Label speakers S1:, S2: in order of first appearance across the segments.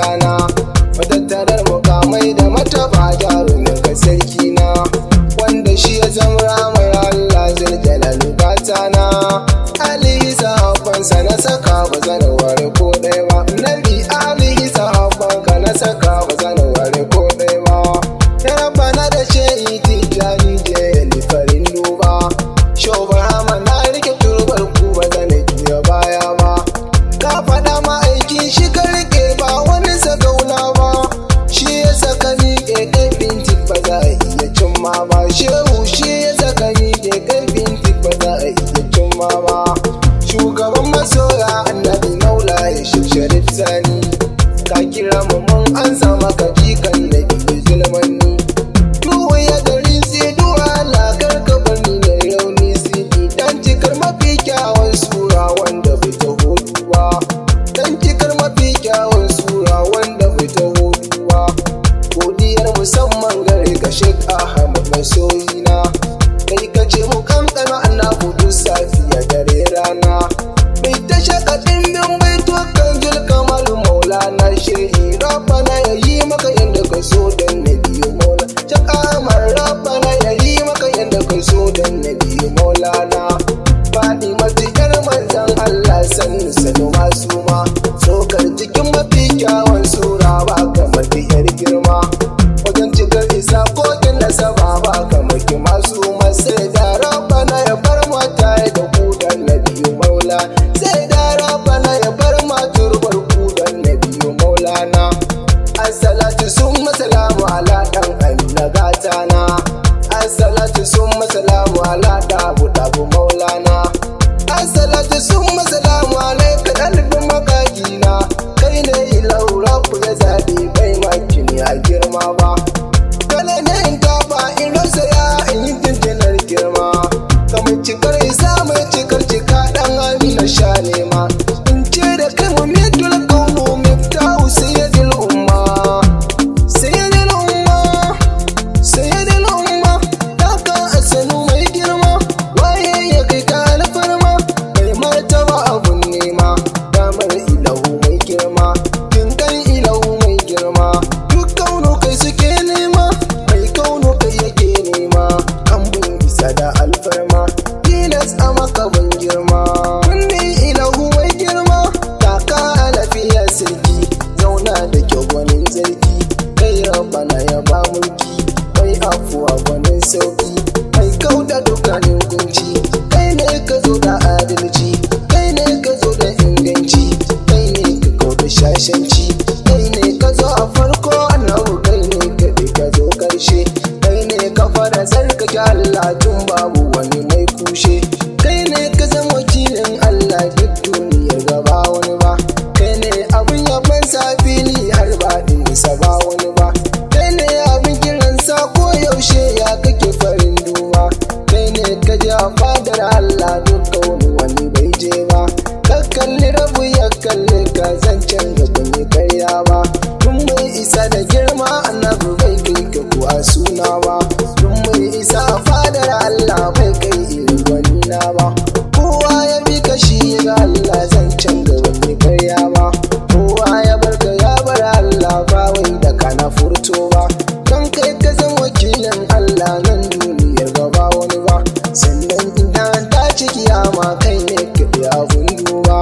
S1: Gracias. da farko dama kai ne abun duba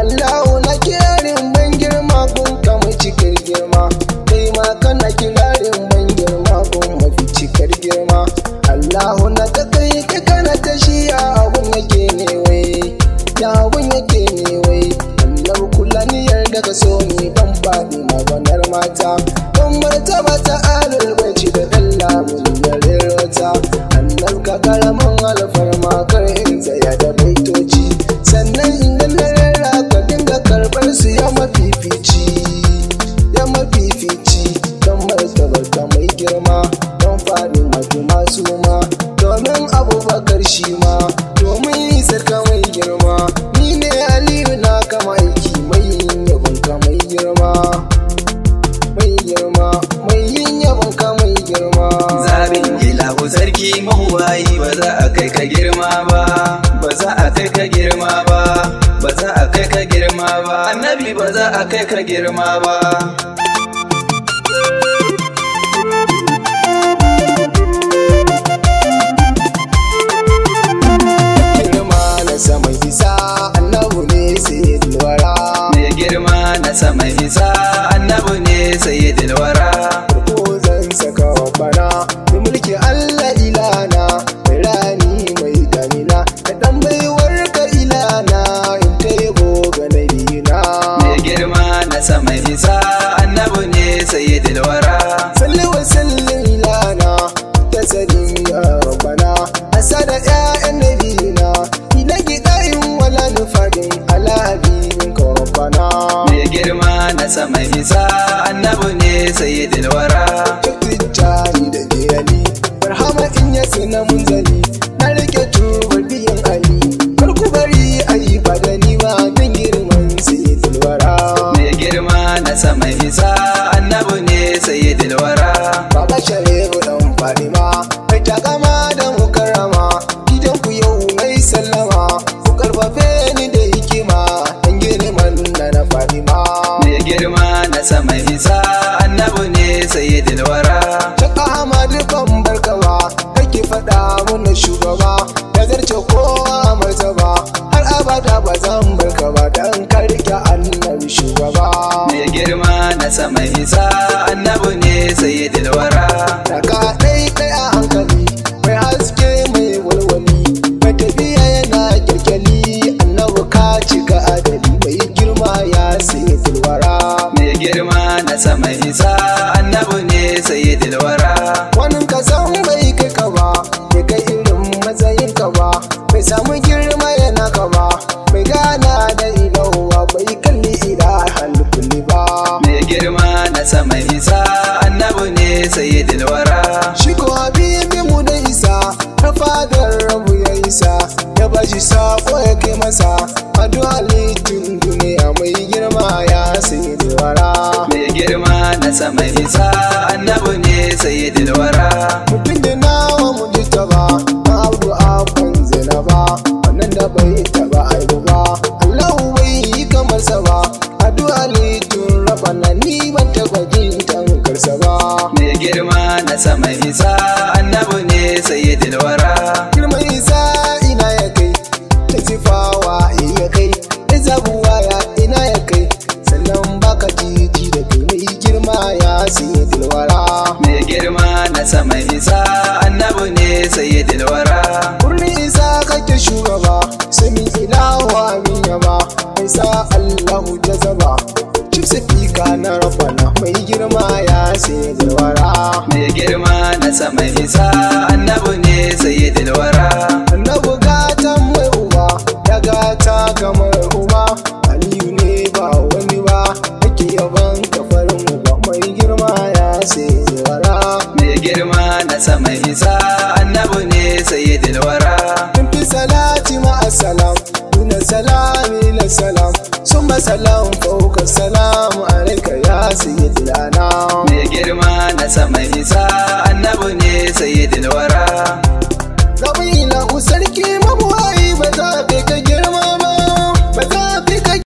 S1: Allahu na kirarin ban girma kun kama cikar girma kai ma kana kirarin ban girma kun mafi cikar girma Allahu na ka kai ka kana ta shi ya abun yake ne wai ya abun yake ne wai Allah kula niyar da ka so
S2: sarki mahuwayi ba za a kai ka girma ba ba za a kai ka girma ba ba za a kai ka girma ba annabi ba za a kai ka girma ba sama isa annabu ne sayyidul wara girma na sama isa sa mai nisa annabu ne sayyidul wara tijjani da jiyani barhama in ya mun zani, na rike tubar biyan ali
S1: kar ku bari ayi ba da ni ba don girman sayyidul
S2: wara mai girma na sa mai nisa annabu ne sayyidul wara baba sharefu sama mai isa annabi ne sayyidul dilwara mutum da nawa mu ji taba na abu afan zina ba wannan da bai taba aibu ba Allahu
S1: bai yi kamar sa ba addu'a litun rabana ni ban taba jin
S2: tankarsa ba mai girma na sama
S1: na sama isa annabu ne sayyidul dilwara kurni isa kake shugaba sami ilahu amin yaba isa allahu jazaba chief speaker na rabana mai girma
S2: ya sayyidul dilwara. mai girma na sama isa annabu ne dilwara.
S1: salami na salam sun ba salam fauka salam alaika ya sayi dilana mai girma na sama nisa annabu ne sayi dilwara
S2: zaɓi na ku sarki mabuwa ba za ka girma